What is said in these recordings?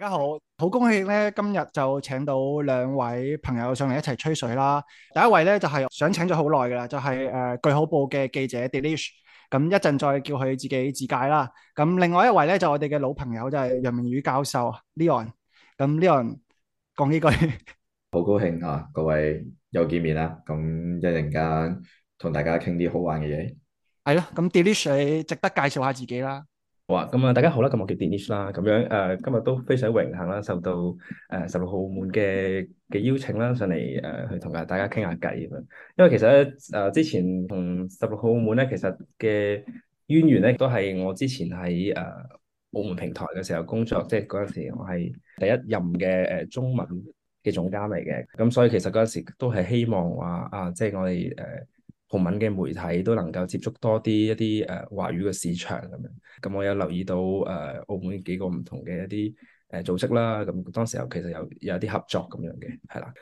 大家好，好恭喜咧！今日就請到兩位朋友上嚟一齊吹水啦。第一位咧就係想請咗好耐噶啦，就係誒《句號報》嘅記者 Dinis，咁一陣再叫佢自己自介啦。咁另外一位咧就我哋嘅老朋友，就係楊鳴宇教授 Leon。咁 Leon 講幾句，好高興啊！各位又見面啦，咁一陣間同大家傾啲好玩嘅嘢。係咯，咁 Dinis 值得介紹下自己啦。咁啊、嗯，大家好啦，咁、嗯、我叫 Dinis、嗯、啦，咁樣誒，今日都非常榮幸啦，受到誒十六號門嘅嘅邀請啦，上嚟誒、呃、去同大家傾下偈咁。因為其實咧，誒、呃、之前同十六號門咧，其實嘅淵源咧，都係我之前喺誒、呃、澳門平台嘅時候工作，即係嗰陣時我係第一任嘅誒、呃、中文嘅總監嚟嘅。咁、嗯、所以其實嗰陣時都係希望話啊，即係我哋誒。呃葡文嘅媒體都能夠接觸多啲一啲誒華語嘅市場咁樣，咁我有留意到誒、呃、澳門幾個唔同嘅一啲誒、呃、組織啦，咁當時候其實有有啲合作咁樣嘅，係啦，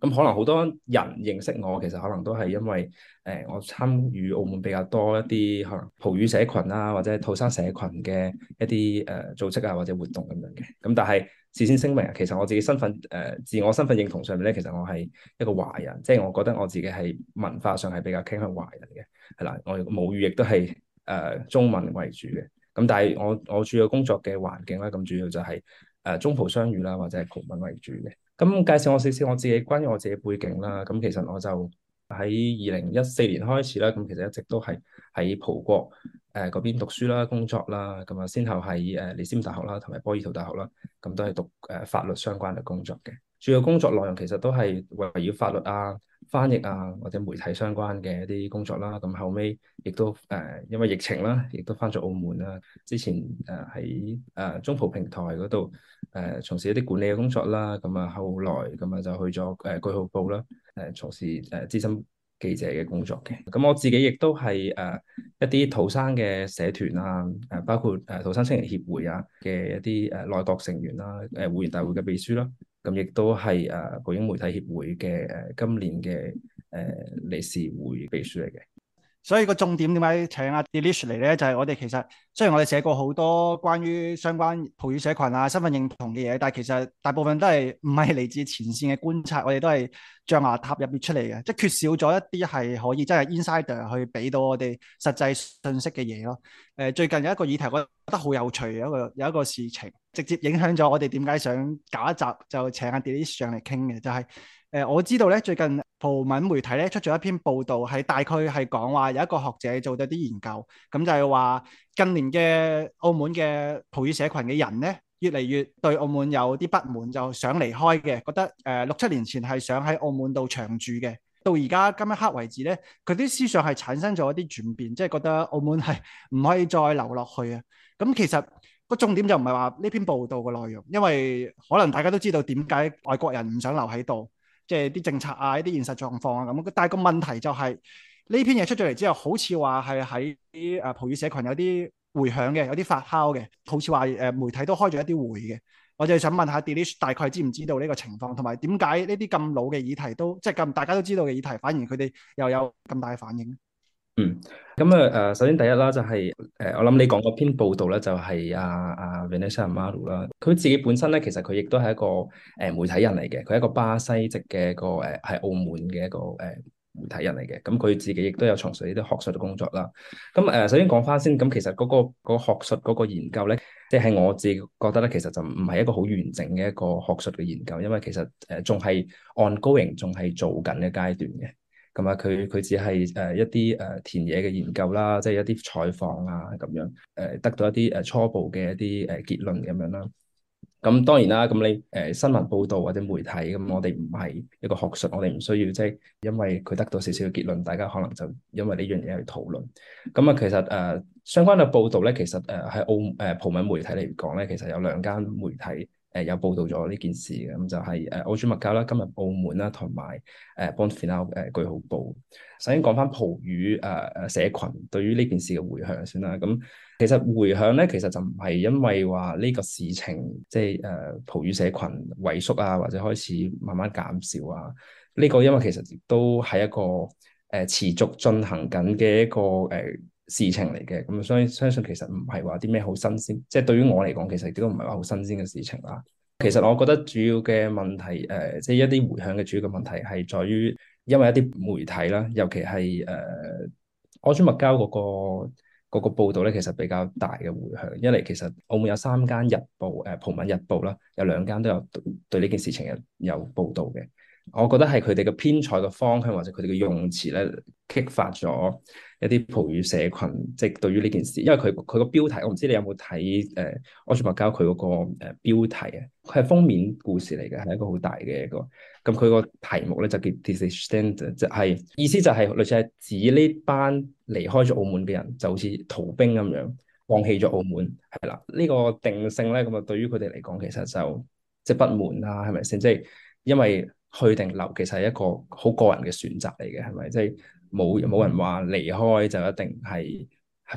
咁可能好多人認識我，其實可能都係因為誒、呃、我參與澳門比較多一啲可能葡語社群啦、啊，或者係土生社群嘅一啲誒、呃、組織啊，或者活動咁樣嘅，咁但係。事先聲明啊，其實我自己身份誒、呃、自我身份認同上面咧，其實我係一個華人，即係我覺得我自己係文化上係比較傾向華人嘅，係啦，我母語亦都係誒中文為主嘅。咁但係我我主要工作嘅環境咧，咁主要就係、是、誒、呃、中葡雙語啦，或者係葡文為主嘅。咁介紹我少少我自己關於我自己背景啦，咁其實我就喺二零一四年開始啦，咁其實一直都係喺葡國。誒嗰、呃、邊讀書啦、工作啦，咁、嗯、啊，先後喺誒里斯本大學啦，同埋波爾圖大學啦，咁、嗯、都係讀誒、呃、法律相關嘅工作嘅。主要工作內容其實都係圍繞法律啊、翻譯啊或者媒體相關嘅一啲工作啦。咁、嗯、後尾亦都誒、呃，因為疫情啦，亦都翻咗澳門啦。之前誒喺誒中葡平台嗰度誒，從事一啲管理嘅工作啦。咁、嗯、啊，後來咁啊、嗯、就去咗誒句號報啦，誒、呃呃呃呃、從事誒資深。呃呃呃呃呃呃記者嘅工作嘅，咁我自己亦都係誒一啲土生嘅社團啊，誒包括誒土生青年協會啊嘅一啲誒內閣成員啦，誒會員大會嘅秘書啦，咁亦都係誒葡英媒體協會嘅誒今年嘅誒理事會秘書嚟嘅。所以個重點，點解請阿、啊、Dinis 嚟咧，就係、是、我哋其實雖然我哋寫過好多關於相關葡語社群啊、身份認同嘅嘢，但係其實大部分都係唔係嚟自前線嘅觀察，我哋都係象牙塔入面出嚟嘅，即係缺少咗一啲係可以真係 insider 去俾到我哋實際信息嘅嘢咯。誒、呃，最近有一個議題我覺得好有趣，有一個有一個事情直接影響咗我哋點解想搞一集就請阿、啊、Dinis 上嚟傾嘅，就係、是。誒、呃、我知道咧，最近葡文媒體咧出咗一篇報道，係大概係講話有一個學者做咗啲研究，咁、嗯、就係、是、話近年嘅澳門嘅葡語社群嘅人咧，越嚟越對澳門有啲不滿，就想離開嘅，覺得誒、呃、六七年前係想喺澳門度長住嘅，到而家今一刻為止咧，佢啲思想係產生咗一啲轉變，即係覺得澳門係唔可以再留落去啊。咁、嗯、其實個重點就唔係話呢篇報道嘅內容，因為可能大家都知道點解外國人唔想留喺度。即係啲政策啊，一啲現實狀況啊咁。但係個問題就係、是、呢篇嘢出咗嚟之後，好似話係喺誒葡語社群有啲迴響嘅，有啲發酵嘅。好似話誒媒體都開咗一啲會嘅。我就係想問下 Dinis 大概知唔知道呢個情況，同埋點解呢啲咁老嘅議題都即係咁大家都知道嘅議題，反而佢哋又有咁大反應？嗯，咁啊，誒，首先第一啦，就係、是、誒，我諗你講嗰篇報道咧、啊，就係阿阿 Vanessa Maru 啦。佢自己本身咧，其實佢亦都係一個誒媒體人嚟嘅。佢一個巴西籍嘅個誒，係澳門嘅一個誒媒體人嚟嘅。咁佢自己亦都有從事呢啲學術嘅工作啦。咁、嗯、誒，首先講翻先，咁其實嗰、那個嗰、那個學術嗰個研究咧，即、就、係、是、我自己覺得咧，其實就唔係一個好完整嘅一個學術嘅研究，因為其實誒仲係 ongoing 仲係做緊嘅階段嘅。咁啊，佢佢只係誒一啲誒田野嘅研究啦，即係一啲採訪啊咁樣，誒得到一啲誒初步嘅一啲誒結論咁樣啦。咁當然啦，咁你誒新聞報道或者媒體咁，我哋唔係一個學術，我哋唔需要即係、即係、因為佢得到少少嘅結論，大家可能就因為呢樣嘢去討論。咁啊、呃，其實誒相關嘅報導咧，其實誒喺澳誒葡文媒體嚟講咧，其實有兩間媒體。誒有報道咗呢件事嘅，咁就係誒澳珠物交啦，今日澳門啦，同埋誒 Ponto Final 句號報。首先講返葡語誒誒社群對於呢件事嘅回響先啦。咁、嗯、其實回響咧，其實就唔係因為話呢個事情，即係誒葡語社群萎縮啊，或者開始慢慢減少啊。呢、這個因為其實亦都係一個誒、呃、持續進行緊嘅一個誒。呃事情嚟嘅，咁相相信其實唔係話啲咩好新鮮，即係對於我嚟講，其實都唔係話好新鮮嘅事情啦。其實我覺得主要嘅問題，誒，即係一啲回響嘅主要嘅問題係在於，因為一啲媒體啦，尤其係誒安裝物交嗰個嗰個報導咧，其實比較大嘅回響。一嚟其實澳門有三間日報，誒《葡文日報》啦，有兩間都有對呢件事情有有報導嘅。我覺得係佢哋嘅編採嘅方向，或者佢哋嘅用詞咧，激發咗一啲葡語社群，即係對於呢件事。因為佢佢、呃、個標題，我唔知你有冇睇誒？我仲話交佢嗰個誒標題啊，佢係封面故事嚟嘅，係一個好大嘅一個。咁佢個題目咧就叫 disaster，就係、是、意思就係、是、類似係指呢班離開咗澳門嘅人，就好似逃兵咁樣，放棄咗澳門係啦。呢、這個定性咧，咁啊對於佢哋嚟講，其實就即係、就是、不滿啦、啊，係咪先？即、就、係、是、因為。去定留，其實係一個好個人嘅選擇嚟嘅，係咪？即係冇冇人話離開就一定係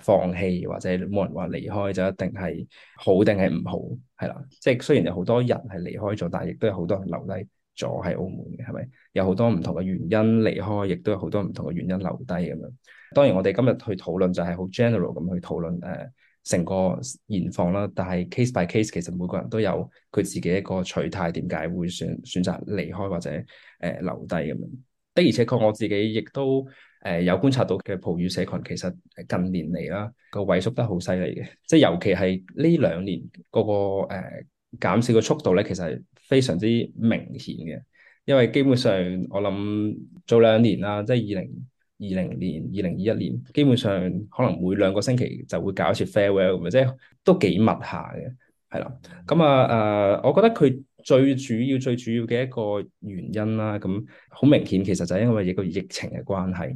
放棄，或者冇人話離開就一定係好定係唔好，係啦。即係雖然有好多人係離開咗，但係亦都有好多人留低咗喺澳門嘅，係咪？有好多唔同嘅原因離開，亦都有好多唔同嘅原因留低咁樣。當然，我哋今日去討論就係好 general 咁去討論誒。Uh, 成個現況啦，但係 case by case 其實每個人都有佢自己一個取態，點解會選選擇離開或者誒、呃、留低咁樣。的而且確我自己亦都誒有觀察到嘅葡語社群其實近年嚟啦個萎縮得好犀利嘅，即係尤其係呢兩年個個誒、呃、減少嘅速度咧，其實係非常之明顯嘅。因為基本上我諗早兩年啦，即係二零，二零年、二零二一年，基本上可能每兩個星期就會搞一次 farewell，咁即係都幾密下嘅，係啦。咁啊，誒、呃，我覺得佢最主要、最主要嘅一個原因啦，咁好明顯其實就係因為一個疫情嘅關係。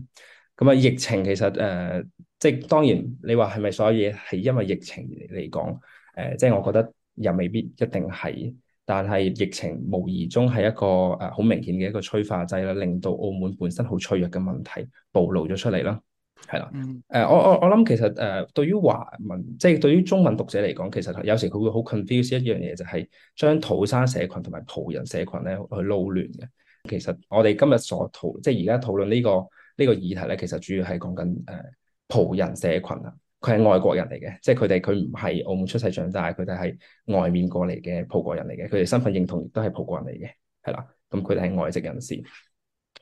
咁啊，疫情其實誒，即、呃、係、就係、當然你話係咪所有嘢係因為疫情嚟講，誒、呃，即、就、係、是、我覺得又未必一定係。但係疫情無疑中係一個誒好、呃、明顯嘅一個催化劑啦，令到澳門本身好脆弱嘅問題暴露咗出嚟啦。係啦，誒、嗯呃、我我我諗其實誒、呃、對於華文即係對於中文讀者嚟講，其實有時佢會好 confuse 一樣嘢，就係、是、將土生社群同埋葡人社群咧去撈亂嘅。其實我哋今日所討即係而家討論呢個呢、這個議題咧，其實主要係講緊誒葡人社群啦。佢係外國人嚟嘅，即係佢哋佢唔係澳門出世長大，佢哋係外面過嚟嘅葡國人嚟嘅，佢哋身份認同亦都係葡國人嚟嘅，係啦。咁佢哋係外籍人士。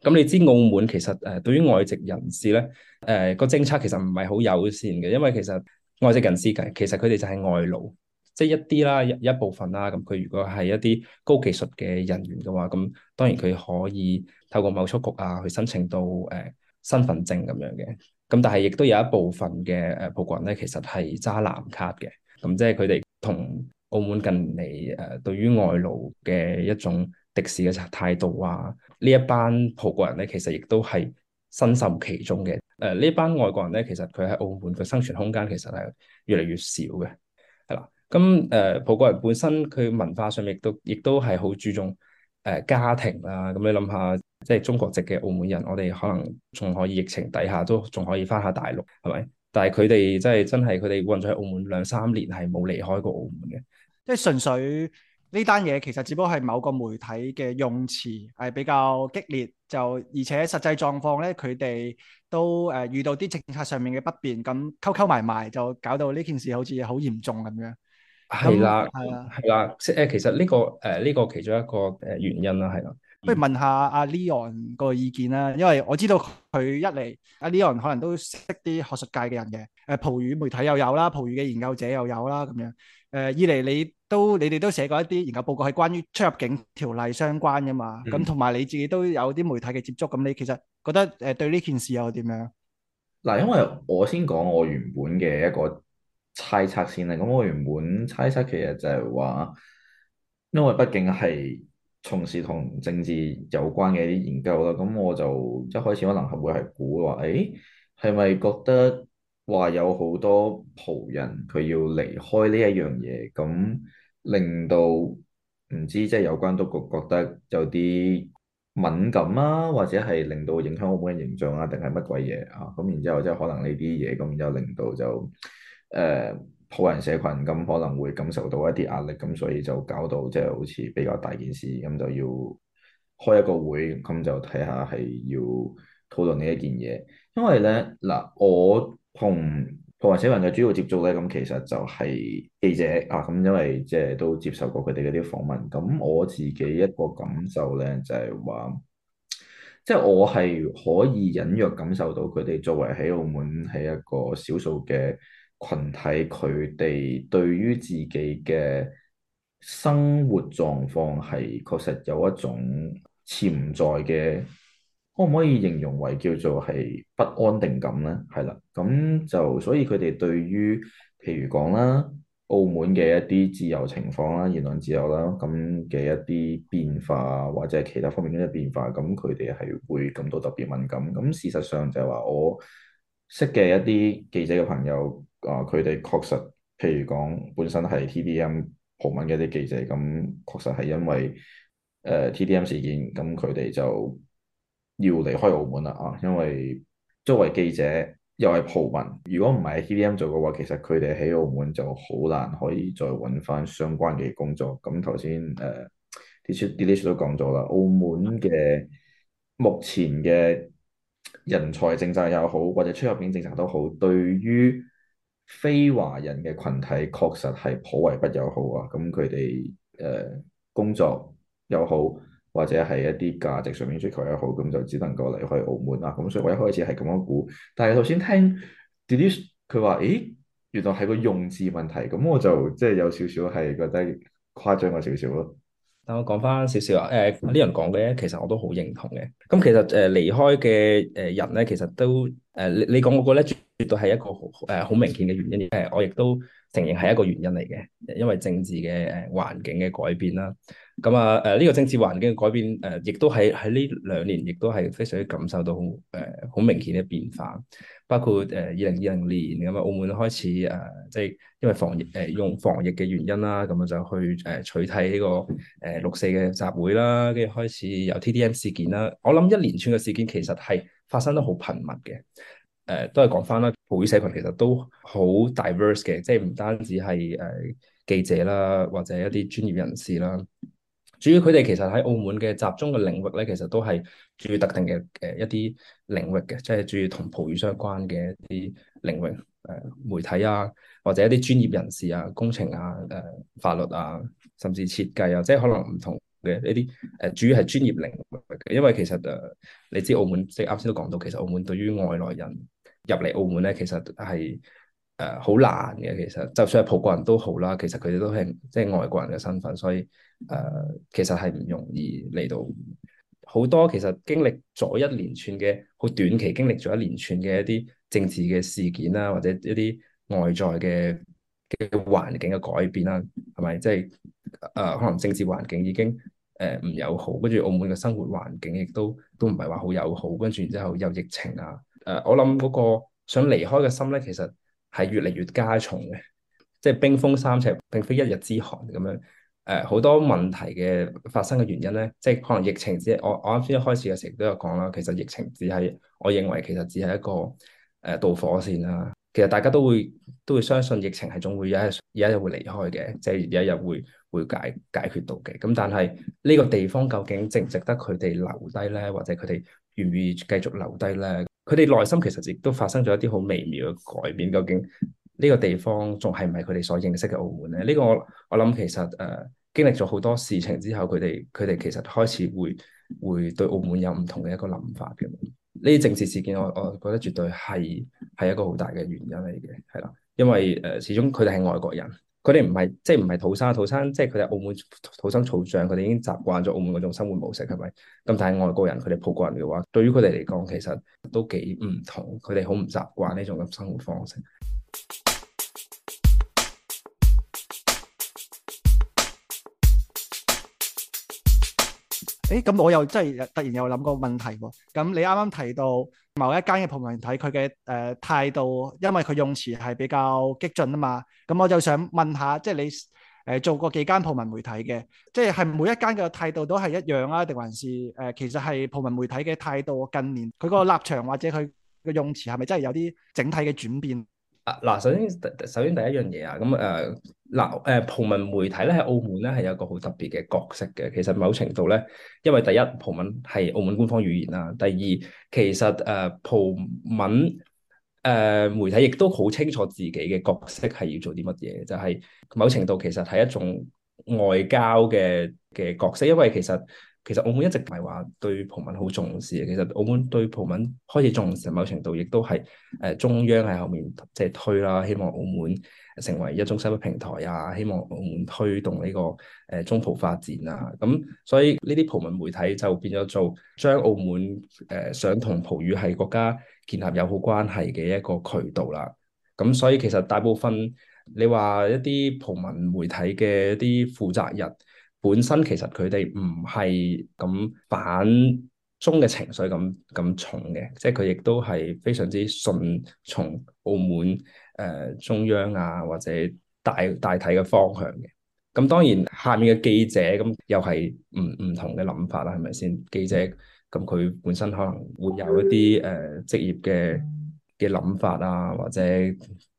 咁你知澳門其實誒對於外籍人士咧，誒、呃、個政策其實唔係好友善嘅，因為其實外籍人士其實佢哋就係外勞，即、就、係、是、一啲啦，一一部分啦。咁佢如果係一啲高技術嘅人員嘅話，咁當然佢可以透過貿促局啊去申請到誒、呃、身份證咁樣嘅。咁但係亦都有一部分嘅誒葡國人咧，其實係揸藍卡嘅，咁即係佢哋同澳門近嚟誒對於外勞嘅一種敵視嘅態度啊，呢一班葡國人咧，其實亦都係身受其中嘅。誒、呃、呢班外國人咧，其實佢喺澳門嘅生存空間其實係越嚟越少嘅，係啦。咁誒葡國人本身佢文化上面亦都亦都係好注重誒、呃、家庭啊。咁你諗下，即係中國籍嘅澳門人，我哋可能仲可以疫情底下都仲可以翻下大陸，係咪？但係佢哋真係真係佢哋運咗喺澳門兩三年，係冇離開過澳門嘅。即係純粹呢單嘢，其實只不過係某個媒體嘅用詞係比較激烈，就而且實際狀況咧，佢哋都誒遇到啲政策上面嘅不便，咁溝溝埋埋就搞到呢件事好似好嚴重咁樣。係啦，係啦，係啦，誒，其實呢個誒呢個其中一個誒原因啦，係啦。不如問下阿 Leon 個意見啦，因為我知道佢一嚟阿 Leon 可能都識啲學術界嘅人嘅，誒葡語媒體又有啦，葡語嘅研究者又有啦咁樣。誒二嚟你都你哋都寫過一啲研究報告係關於出入境條例相關㗎嘛，咁同埋你自己都有啲媒體嘅接觸，咁你其實覺得誒對呢件事又點樣？嗱，因為我先講我原本嘅一個猜測先嚟。咁我原本猜測其實就係話，因為畢竟係。從事同政治有關嘅一啲研究啦，咁我就一開始可能係會係估話，誒係咪覺得話有好多葡人佢要離開呢一樣嘢，咁令到唔知即係有關當局覺得有啲敏感啊，或者係令到影響澳門嘅形象啊，定係乜鬼嘢啊？咁然之後即係可能呢啲嘢，咁就令到就誒。呃葡人社群咁可能會感受到一啲壓力，咁所以就搞到即係、就是、好似比較大件事，咁就要開一個會，咁就睇下係要討論呢一件嘢。因為咧嗱，我同葡人社群嘅主要接觸咧，咁其實就係記者啊，咁因為即係都接受過佢哋嗰啲訪問。咁我自己一個感受咧，就係、是、話，即、就、係、是、我係可以隱約感受到佢哋作為喺澳門係一個少數嘅。群體佢哋對於自己嘅生活狀況係確實有一種潛在嘅，可唔可以形容為叫做係不安定感呢？係啦，咁就所以佢哋對於譬如講啦，澳門嘅一啲自由情況啦、言論自由啦咁嘅一啲變化，或者係其他方面嗰啲變化，咁佢哋係會感到特別敏感。咁事實上就係話我識嘅一啲記者嘅朋友。啊！佢哋確實，譬如講本身係 TDM 葡文嘅啲記者，咁、嗯、確實係因為誒、呃、TDM 事件，咁佢哋就要離開澳門啦啊！因為作為記者又係葡文，如果唔係 TDM 做嘅話，其實佢哋喺澳門就好難可以再揾翻相關嘅工作。咁頭先誒，delete l e 都講咗啦，澳門嘅目前嘅人才政策又好，或者出入境政策都好，對於非華人嘅群體確實係頗為不友好啊！咁佢哋誒工作又好，或者係一啲價值上面追求又好，咁就只能夠離開澳門啦、啊。咁所以我一開始係咁樣估，但係頭先聽 Dinis 佢話，誒原來係個用字問題，咁我就即係有少少係覺得誇張咗少少咯。但我講翻少少啊，誒、呃、啲、這個、人講嘅其實我都好認同嘅。咁其實誒離開嘅誒人咧，其實都～誒，你你講嗰個咧，絕對係一個誒好明顯嘅原因。誒，我亦都承認係一個原因嚟嘅，因為政治嘅誒環境嘅改變啦。咁啊誒，呢個政治環境嘅改變誒，亦都喺喺呢兩年，亦都係非常之感受到誒好明顯嘅變化。包括誒二零二零年咁啊，澳門開始誒，即係因為防疫誒用防疫嘅原因啦，咁啊就去誒取締呢個誒六四嘅集會啦，跟住開始有 TDM 事件啦。我諗一連串嘅事件其實係。發生得好頻密嘅，誒、呃、都係講翻啦。葡語社群其實都好 diverse 嘅，即係唔單止係誒、呃、記者啦，或者一啲專業人士啦。至於佢哋其實喺澳門嘅集中嘅領域咧，其實都係、呃、主要特定嘅誒一啲領域嘅，即係主要同葡語相關嘅一啲領域誒媒體啊，或者一啲專業人士啊、工程啊、誒、呃、法律啊，甚至設計啊，即係可能唔同。嘅呢啲誒主要係專業領域嘅，因為其實誒你知澳門即係啱先都講到，其實澳門對於外來人入嚟澳門咧，其實係誒好難嘅。其實就算係葡國人都好啦，其實佢哋都係即係外國人嘅身份，所以誒、呃、其實係唔容易嚟到。好多其實經歷咗一連串嘅好短期經歷咗一連串嘅一啲政治嘅事件啦，或者一啲外在嘅嘅環境嘅改變啦，係咪？即係誒、呃、可能政治環境已經。誒唔、呃、友好，跟住澳門嘅生活環境亦都都唔係話好友好，跟住然之後有疫情啊，誒、呃、我諗嗰個想離開嘅心咧，其實係越嚟越加重嘅，即係冰封三尺並非一日之寒咁樣。誒、呃、好多問題嘅發生嘅原因咧，即係可能疫情只係我我啱先一開始嘅時候都有講啦，其實疫情只係我認為其實只係一個誒導、呃、火線啦、啊。其實大家都會都會相信疫情係總會有一日，一就是、有一日會離開嘅，即係有一日會會解解決到嘅。咁但係呢個地方究竟值唔值得佢哋留低咧，或者佢哋願唔願意繼續留低咧？佢哋內心其實亦都發生咗一啲好微妙嘅改變。究竟呢個地方仲係唔係佢哋所認識嘅澳門咧？呢、這個我我諗其實誒、呃、經歷咗好多事情之後，佢哋佢哋其實開始會會對澳門有唔同嘅一個諗法嘅。呢啲政治事件我，我我覺得絕對係係一個好大嘅原因嚟嘅，係啦，因為誒、呃、始終佢哋係外國人，佢哋唔係即係唔係土生土生，即係佢哋澳門土生土長，佢哋已經習慣咗澳門嗰種生活模式，係咪？咁但係外國人佢哋葡國人嘅話，對於佢哋嚟講，其實都幾唔同，佢哋好唔習慣呢種生活方式。誒咁我又真係突然又諗個問題喎、啊，咁你啱啱提到某一間嘅葡文媒體佢嘅誒態度，因為佢用詞係比較激進啊嘛，咁我就想問下，即係你誒、呃、做過幾間葡文媒體嘅，即係係每一間嘅態度都係一樣啊，定還是誒、呃、其實係葡文媒體嘅態度近年佢個立場或者佢個用詞係咪真係有啲整體嘅轉變？啊嗱，首先首先第一樣嘢啊，咁誒嗱誒葡文媒體咧喺澳門咧係有一個好特別嘅角色嘅。其實某程度咧，因為第一葡文係澳門官方語言啦，第二其實誒葡、呃、文誒、呃、媒體亦都好清楚自己嘅角色係要做啲乜嘢，就係、是、某程度其實係一種外交嘅嘅角色，因為其實。其實澳門一直唔係話對葡文好重視嘅，其實澳門對葡文開始重視，某程度亦都係誒中央喺後面即係推啦，希望澳門成為一中西嘅平台啊，希望澳門推動呢個誒中葡發展啊，咁所以呢啲葡文媒體就變咗做將澳門誒想同葡語系國家建立友好關係嘅一個渠道啦。咁所以其實大部分你話一啲葡文媒體嘅一啲負責人。本身其實佢哋唔係咁反中嘅情緒咁咁重嘅，即係佢亦都係非常之順從澳門誒、呃、中央啊或者大大體嘅方向嘅。咁當然下面嘅記者咁又係唔唔同嘅諗法啦，係咪先？記者咁佢本身可能會有一啲誒職業嘅嘅諗法啊，或者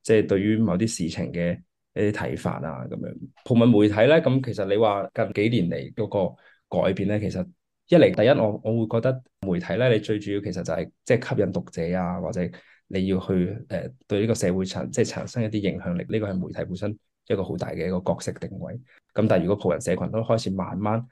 即係對於某啲事情嘅，一啲睇法啊，咁樣葡文媒體咧，咁其實你話近幾年嚟嗰個改變咧，其實一嚟第一，我我會覺得媒體咧，你最主要其實就係即係吸引讀者啊，或者你要去誒、呃、對呢個社會產即係產生一啲影響力，呢、呢個係媒體本身一個好大嘅一個角色定位。咁但係如果葡人社群都開始慢慢，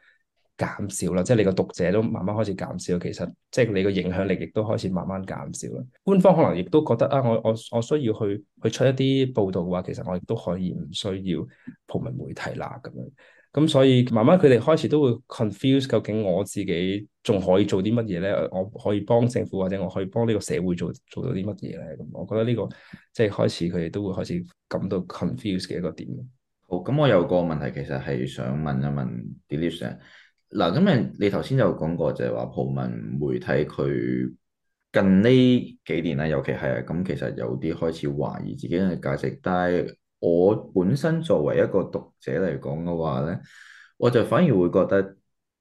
減少啦，即係你個讀者都慢慢開始減少，其實即係你個影響力亦都開始慢慢減少啦。官方可能亦都覺得啊，我我我需要去去出一啲報道嘅話，其實我亦都可以唔需要葡文媒體啦，咁樣。咁、嗯、所以慢慢佢哋開始都會 confuse，究竟我自己仲可以做啲乜嘢咧？我可以幫政府或者我可以幫呢個社會做做到啲乜嘢咧？咁、嗯，我覺得呢、這個即係開始佢哋都會開始感到 confuse 嘅一個點。好，咁我有個問題，其實係想問一問，問 Dinis Sir。嗱，咁誒，你頭先有講過就係話，葡文媒體佢近呢幾年咧、啊，尤其係啊，咁、嗯、其實有啲開始懷疑自己嘅價值。但係我本身作為一個讀者嚟講嘅話咧，我就反而會覺得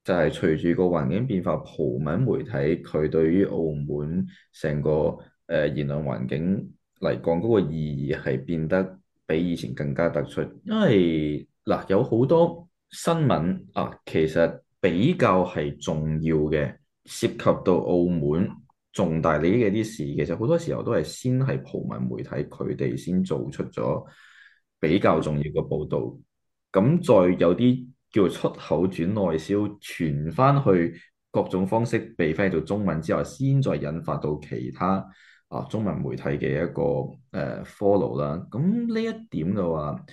就係隨住個環境變化，葡文媒體佢對於澳門成個誒、呃、言論環境嚟講嗰個意義係變得比以前更加突出，因為嗱有好多新聞啊，其實。比較係重要嘅，涉及到澳門重大利益嘅啲事，其實好多時候都係先係葡文媒體佢哋先做出咗比較重要嘅報導，咁再有啲叫出口轉內銷，傳翻去各種方式被翻做中文之後，先再引發到其他啊中文媒體嘅一個誒、呃、follow 啦。咁呢一點嘅話，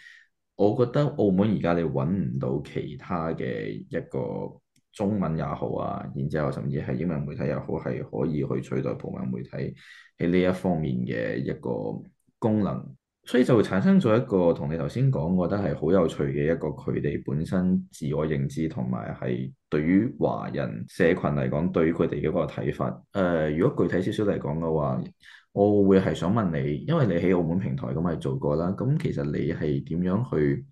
我覺得澳門而家你揾唔到其他嘅一個中文也好啊，然之後甚至係英文媒體也好，係可以去取代葡文媒體喺呢一方面嘅一個功能，所以就會產生咗一個同你頭先講，我覺得係好有趣嘅一個佢哋本身自我認知同埋係對於華人社群嚟講，對於佢哋嘅一個睇法。誒、呃，如果具體少少嚟講嘅話，我會係想問你，因為你喺澳門平台咁咪做過啦，咁其實你係點樣去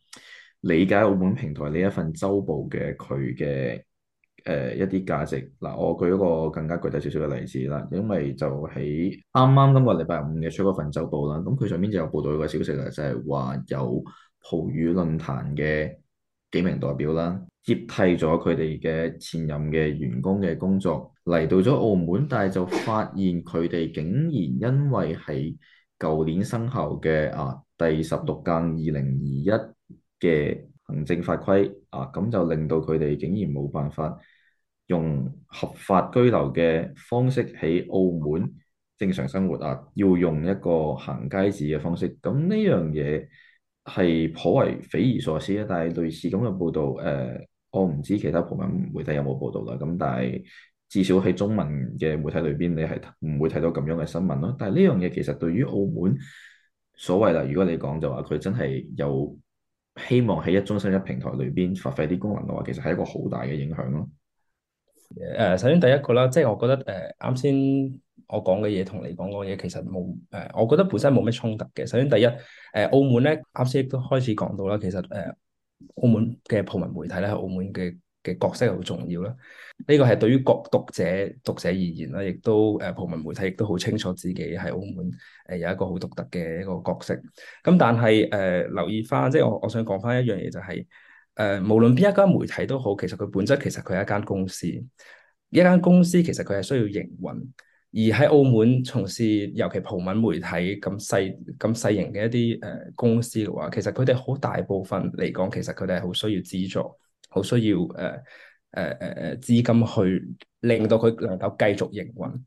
理解澳門平台呢一份周報嘅佢嘅誒一啲價值？嗱，我舉一個更加具體少少嘅例子啦，因為就喺啱啱今個禮拜五嘅出嗰份周報啦，咁佢上邊就有報導一個消息啊，就係話有葡語論壇嘅幾名代表啦，接替咗佢哋嘅前任嘅員工嘅工作嚟到咗澳門，但係就發現佢哋竟然因為係舊年生效嘅啊第十六間二零二一嘅行政法規啊，咁就令到佢哋竟然冇辦法用合法居留嘅方式喺澳門正常生活啊，要用一個行街紙嘅方式，咁、啊、呢樣嘢。係頗為匪夷所思啊！但係類似咁嘅報道，誒、呃，我唔知其他葡文媒體有冇報道啦。咁但係至少喺中文嘅媒體裏邊，你係唔會睇到咁樣嘅新聞咯。但係呢樣嘢其實對於澳門所謂啦，如果你講就話佢真係有希望喺一中心一平台裏邊發揮啲功能嘅話，其實係一個好大嘅影響咯。誒、呃，首先第一個啦，即係我覺得誒，啱、呃、先我講嘅嘢同你講嘅嘢，其實冇誒、呃，我覺得本身冇咩衝突嘅。首先第一，誒、呃，澳門咧，啱先亦都開始講到啦，其實誒、呃，澳門嘅葡文媒體咧，澳門嘅嘅角色好重要啦。呢個係對於各讀者讀者而言啦，亦都誒，葡、呃、文媒體亦都好清楚自己喺澳門誒、呃、有一個好獨特嘅一個角色。咁但係誒、呃，留意翻，即係我我想講翻一樣嘢就係、是。誒，無論邊一間媒體都好，其實佢本質其實佢係一間公司，一間公司其實佢係需要營運。而喺澳門從事尤其葡文媒體咁細咁細型嘅一啲誒公司嘅話，其實佢哋好大部分嚟講，其實佢哋係好需要資助，好需要誒誒誒誒資金去令到佢能夠繼續營運。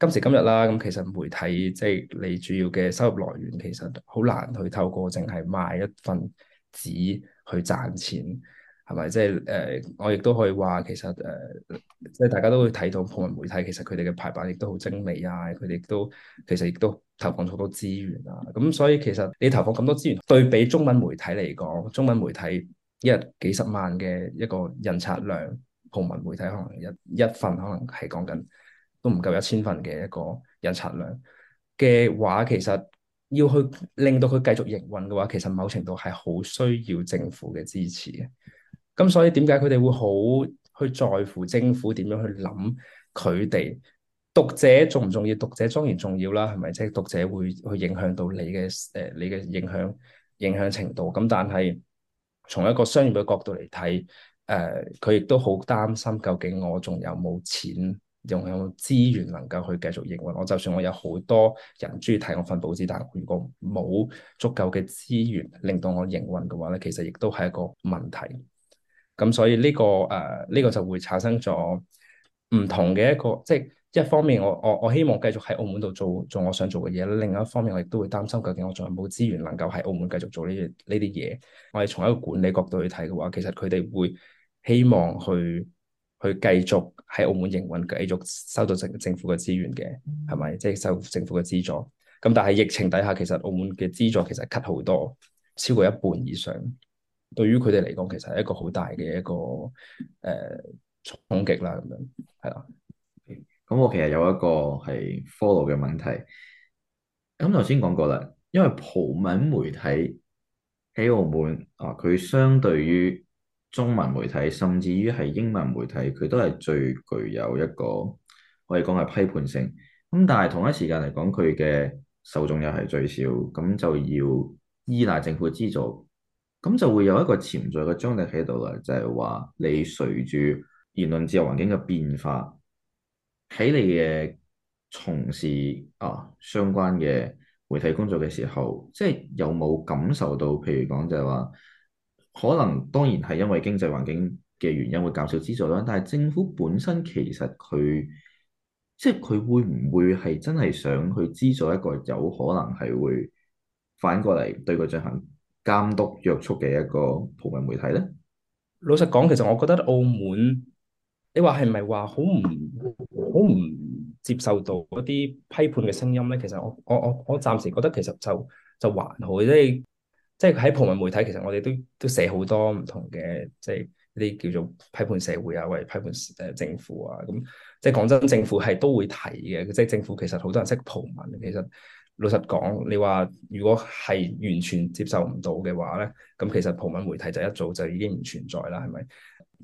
今時今日啦，咁其實媒體即係、就是、你主要嘅收入來源，其實好難去透過淨係賣一份。指去賺錢係咪？即係誒、呃，我亦都可以話其實誒、呃，即係大家都會睇到葡文媒體其實佢哋嘅排版亦都好精美啊！佢哋亦都其實亦都投放咗好多資源啊！咁所以其實你投放咁多資源，對比中文媒體嚟講，中文媒體一日幾十萬嘅一個印刷量，葡文媒體可能一一份可能係講緊都唔夠一千份嘅一個印刷量嘅話，其實，要去令到佢繼續營運嘅話，其實某程度係好需要政府嘅支持嘅。咁所以點解佢哋會好去在乎政府點樣去諗佢哋，讀者重唔重要？讀者當然重要啦，係咪？即係讀者會去影響到你嘅誒、呃，你嘅影響影響程度。咁但係從一個商業嘅角度嚟睇，誒、呃，佢亦都好擔心究竟我仲有冇錢？用有冇資源能夠去繼續營運，我就算我有好多人中意睇我份報紙，但係如果冇足夠嘅資源令到我營運嘅話咧，其實亦都係一個問題。咁所以呢個誒呢個就會產生咗唔同嘅一個，即係一方面我我我希望繼續喺澳門度做做我想做嘅嘢啦，另一方面我亦都會擔心究竟我仲有冇資源能夠喺澳門繼續做呢呢啲嘢。我哋從一個管理角度去睇嘅話，其實佢哋會希望去。去繼續喺澳門營運，繼續收到政政府嘅資源嘅，係咪？即係受政府嘅資助。咁但係疫情底下，其實澳門嘅資助其實 cut 好多，超過一半以上。對於佢哋嚟講，其實係一個好大嘅一個誒衝擊啦。咁樣係咯。咁我其實有一個係 follow 嘅問題。咁頭先講過啦，因為葡文媒體喺澳門啊，佢相對於。中文媒體甚至於係英文媒體，佢都係最具有一個，可以講係批判性。咁但係同一時間嚟講，佢嘅受眾又係最少，咁就要依賴政府資助，咁就會有一個潛在嘅張力喺度啦。就係話你隨住言論自由環境嘅變化，喺你嘅從事啊相關嘅媒體工作嘅時候，即係有冇感受到？譬如講，就係話。可能當然係因為經濟環境嘅原因會減少資助啦，但係政府本身其實佢即係佢會唔會係真係想去資助一個有可能係會反過嚟對佢進行監督約束嘅一個葡文媒體呢？老實講，其實我覺得澳門你話係咪話好唔好唔接受到一啲批判嘅聲音呢？其實我我我我暫時覺得其實就就還好，即係。即係喺葡文媒體，其實我哋都都寫好多唔同嘅，即係呢啲叫做批判社會啊，或者批判誒政府啊。咁、嗯、即係講真，政府係都會睇嘅。即係政府其實好多人識葡文。其實，老實講，你話如果係完全接受唔到嘅話咧，咁其實葡文媒體就一早就已經唔存在啦，係咪？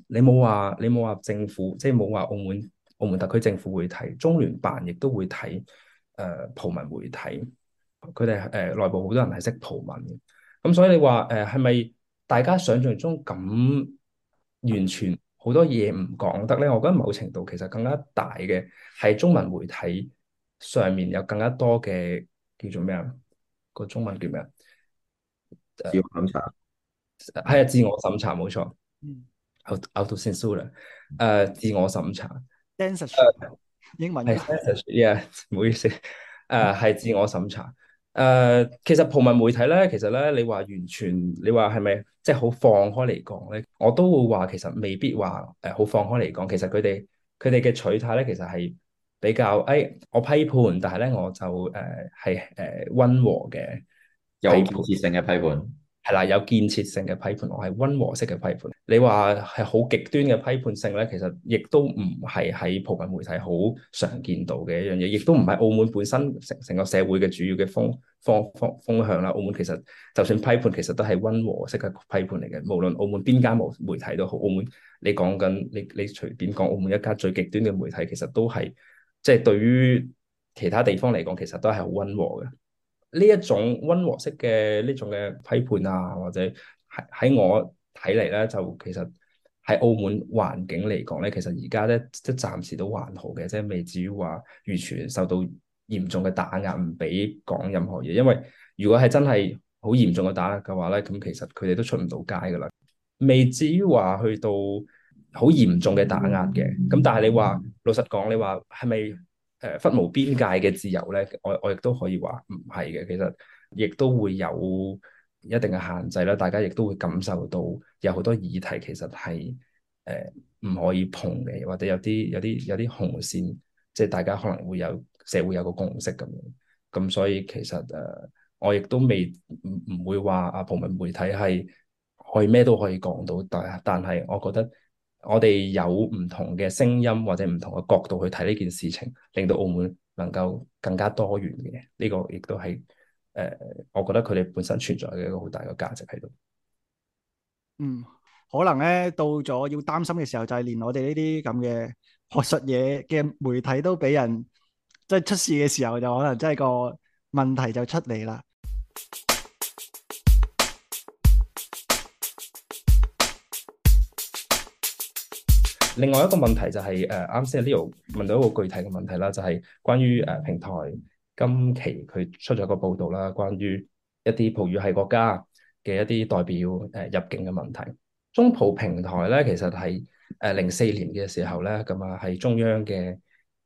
你冇話你冇話政府，即係冇話澳門澳門特區政府會睇，中聯辦亦都會睇誒葡文媒體。佢哋誒內部好多人係識葡文嘅。咁、嗯、所以你話誒係咪大家想象中咁完全好多嘢唔講得咧？我覺得某程度其實更加大嘅係中文媒體上面有更加多嘅叫做咩啊？個中文叫咩啊？自我審查係啊，自我審查冇錯。Out of censorship 誒，自我審查。English 英文。English yeah，唔好意思誒，係自我審查。誒、uh,，其實葡文媒體咧，其實咧，你話完全，你話係咪即係好放開嚟講咧？我都會話，其實未必話誒好放開嚟講。其實佢哋佢哋嘅取態咧，其實係比較誒、哎，我批判，但係咧我就誒係誒溫和嘅，有建設性嘅批判。係啦，有建設性嘅批判，我係溫和式嘅批判。你話係好極端嘅批判性咧，其實亦都唔係喺普遍媒體好常見到嘅一樣嘢，亦都唔係澳門本身成成個社會嘅主要嘅風方方風向啦。澳門其實就算批判，其實都係溫和式嘅批判嚟嘅。無論澳門邊間媒媒體都好，澳門你講緊你你隨便講澳門一家最極端嘅媒體其、就是其，其實都係即係對於其他地方嚟講，其實都係好溫和嘅。呢一種溫和式嘅呢種嘅批判啊，或者喺我睇嚟咧，就其實喺澳門環境嚟講咧，其實而家咧即係暫時都還好嘅，即係未至於話完全受到嚴重嘅打壓，唔俾講任何嘢。因為如果係真係好嚴重嘅打壓嘅話咧，咁其實佢哋都出唔到街噶啦，未至於話去到好嚴重嘅打壓嘅。咁但係你話，嗯，老實講，你話係咪？是誒、呃，忽無邊界嘅自由咧，我我亦都可以話唔係嘅。其實亦都會有一定嘅限制啦。大家亦都會感受到有好多議題其實係誒唔可以碰嘅，或者有啲有啲有啲紅線，即係大家可能會有社會有個共識咁樣。咁所以其實誒、呃，我亦都未唔唔會話啊，葡文媒體係可以咩都可以講到，但係但係我覺得。我哋有唔同嘅聲音或者唔同嘅角度去睇呢件事情，令到澳門能夠更加多元嘅，呢、這個亦都係誒，我覺得佢哋本身存在嘅一個好大嘅價值喺度。嗯，可能咧到咗要擔心嘅時候，就係、是、連我哋呢啲咁嘅學術嘢嘅媒體都俾人即係、就是、出事嘅時候，就可能即係個問題就出嚟啦。另外一個問題就係誒啱先 Leo 問到一個具體嘅問題啦，就係、是、關於誒、呃、平台今期佢出咗個報道啦，關於一啲葡語系國家嘅一啲代表誒、呃、入境嘅問題。中葡平台咧，其實係誒零四年嘅時候咧，咁啊係中央嘅誒、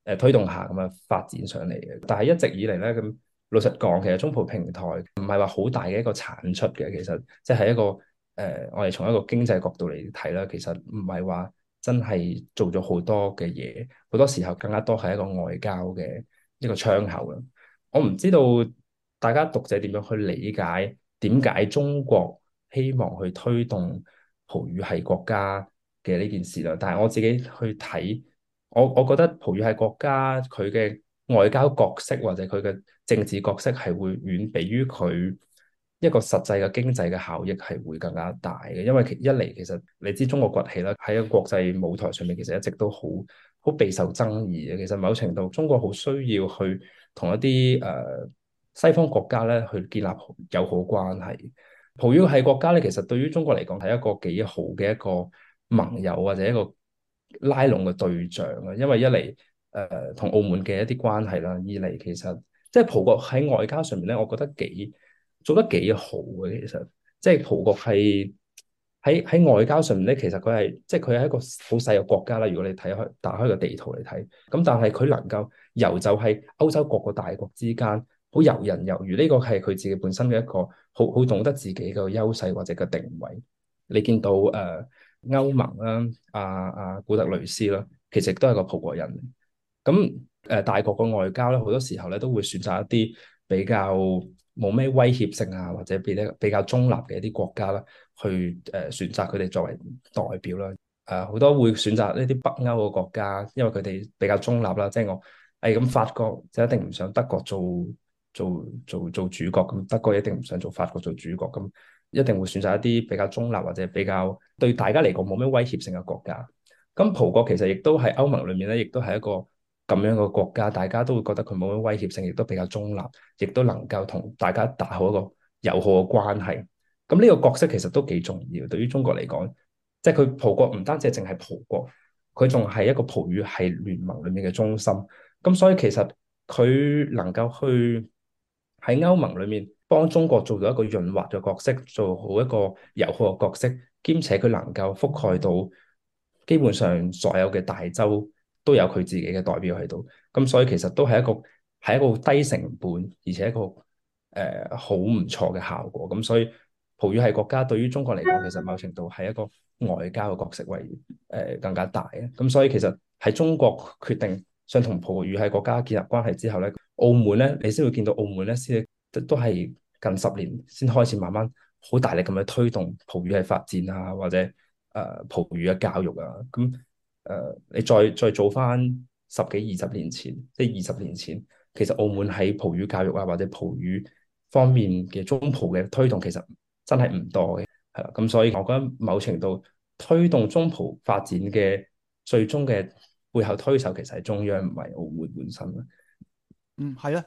呃、推動下咁啊發展上嚟嘅。但係一直以嚟咧，咁老實講，其實中葡平台唔係話好大嘅一個產出嘅，其實即係一個誒、呃，我哋從一個經濟角度嚟睇啦，其實唔係話。真係做咗好多嘅嘢，好多時候更加多係一個外交嘅一個窗口啊。我唔知道大家讀者點樣去理解點解中國希望去推動葡語系國家嘅呢件事啦。但係我自己去睇，我我覺得葡語系國家佢嘅外交角色或者佢嘅政治角色係會遠比於佢。一個實際嘅經濟嘅效益係會更加大嘅，因為一嚟其實你知中國崛起啦，喺一個國際舞台上面其實一直都好好備受爭議嘅。其實某程度中國好需要去同一啲誒、呃、西方國家咧去建立友好關係。葡語系國家咧其實對於中國嚟講係一個幾好嘅一個盟友或者一個拉攏嘅對象啊，因為一嚟誒同澳門嘅一啲關係啦，二嚟其實即係葡國喺外交上面咧，我覺得幾做得幾好嘅，其實即係葡國係喺喺外交上面咧，其實佢係即係佢係一個好細嘅國家啦。如果你睇開打開個地圖嚟睇，咁但係佢能夠遊走喺歐洲各個大國之間，好游刃有餘。呢個係佢自己本身嘅一個好好懂得自己嘅優勢或者嘅定位。你見到誒歐盟啦、阿阿古特雷斯啦，其實都係個葡國人。咁誒、呃、大國嘅外交咧，好多時候咧都會選擇一啲比較。冇咩威脅性啊，或者比較比較中立嘅一啲國家啦，去、呃、誒選擇佢哋作為代表啦。誒、呃、好多會選擇呢啲北歐嘅國家，因為佢哋比較中立啦。即、就、係、係、我誒咁、哎、法國就係、一定唔想德國做做做做主角，咁德國一定唔想做法國做主角，咁一定會選擇一啲比較中立或者比較對大家嚟講冇咩威脅性嘅國家。咁葡國其實亦都係歐盟裏面咧，亦都係一個。咁樣嘅國家，大家都會覺得佢冇乜威脅性，亦都比較中立，亦都能夠同大家打好一個友好嘅關係。咁呢個角色其實都幾重要，對於中國嚟講，即係佢葡國唔單止係淨係葡國，佢仲係一個葡語係聯盟裡面嘅中心。咁所以其實佢能夠去喺歐盟裡面幫中國做到一個潤滑嘅角色，做好一個友好嘅角色，兼且佢能夠覆蓋到基本上所有嘅大洲。都有佢自己嘅代表喺度，咁所以其實都係一個係一個低成本，而且一個誒好唔錯嘅效果。咁所以葡語系國家對於中國嚟講，其實某程度係一個外交嘅角色為誒、呃、更加大嘅。咁所以其實喺中國決定想同葡語系國家建立關係之後咧，澳門咧，你先會見到澳門咧，先都係近十年先開始慢慢好大力咁樣推動葡語嘅發展啊，或者誒、呃、葡語嘅教育啊，咁。誒，你再再做翻十幾二十年前，即係二十年前，其實澳門喺葡語教育啊，或者葡語方面嘅中葡嘅推動，其實真係唔多嘅，係啦。咁所以我覺得某程度推動中葡發展嘅最終嘅背後推手，其實係中央，唔係澳門本身啦。嗯，係啦。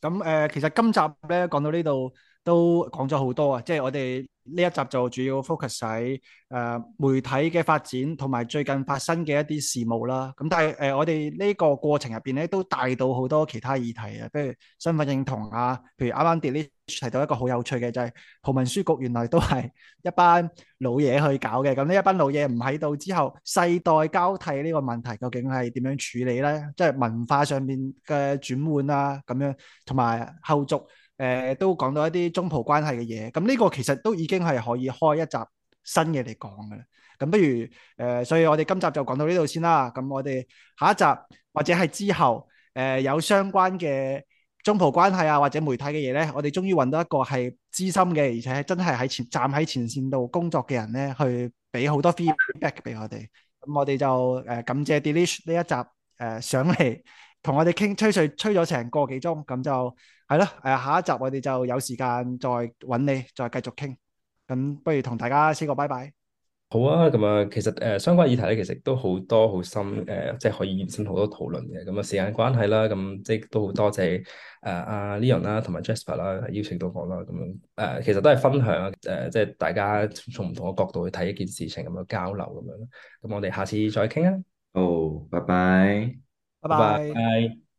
咁誒，呃，其實今集咧講到呢度都講咗好多啊，即係我哋。呢一集就主要 focus 喺誒、呃、媒體嘅發展同埋最近發生嘅一啲事務啦。咁但係誒、呃、我哋呢個過程入邊咧，都帶到好多其他議題啊，譬如身份認同啊，譬如啱啱 Dinis 提到一個好有趣嘅、就是，就係圖文書局原來都係一班老嘢去搞嘅。咁呢一班老嘢唔喺度之後，世代交替呢個問題究竟係點樣處理咧？即係文化上面嘅轉換啊，咁樣同埋後續。誒、呃、都講到一啲中葡關係嘅嘢，咁、嗯、呢、這個其實都已經係可以開一集新嘢嚟講嘅啦。咁、嗯、不如誒、呃，所以我哋今集就講到呢度先啦。咁、嗯、我哋下一集或者係之後誒、呃、有相關嘅中葡關係啊或者媒體嘅嘢咧，我哋終於揾到一個係資深嘅，而且真係喺前站喺前線度工作嘅人咧，去俾好多 feedback 俾我哋。咁、嗯、我哋就誒、呃、感謝 Dinis 呢一集誒、呃、上嚟同我哋傾吹水，吹咗成個幾鐘，咁就。係啦，誒，下一集我哋就有時間再揾你，再繼續傾。咁不如同大家先個拜拜。好啊，咁啊，其實誒、呃，相關議題咧，其實都好多好深，誒、呃，即係可以延伸好多討論嘅。咁、嗯、啊，時間關係啦，咁、嗯、即係都好多謝誒，阿、呃啊、Leon 啦，同埋 Jasper 啦邀請到我啦，咁樣誒，其實都係分享誒、呃，即係大家從唔同嘅角度去睇一件事情，咁樣交流咁樣。咁我哋下次再傾啊。哦，拜拜。拜拜。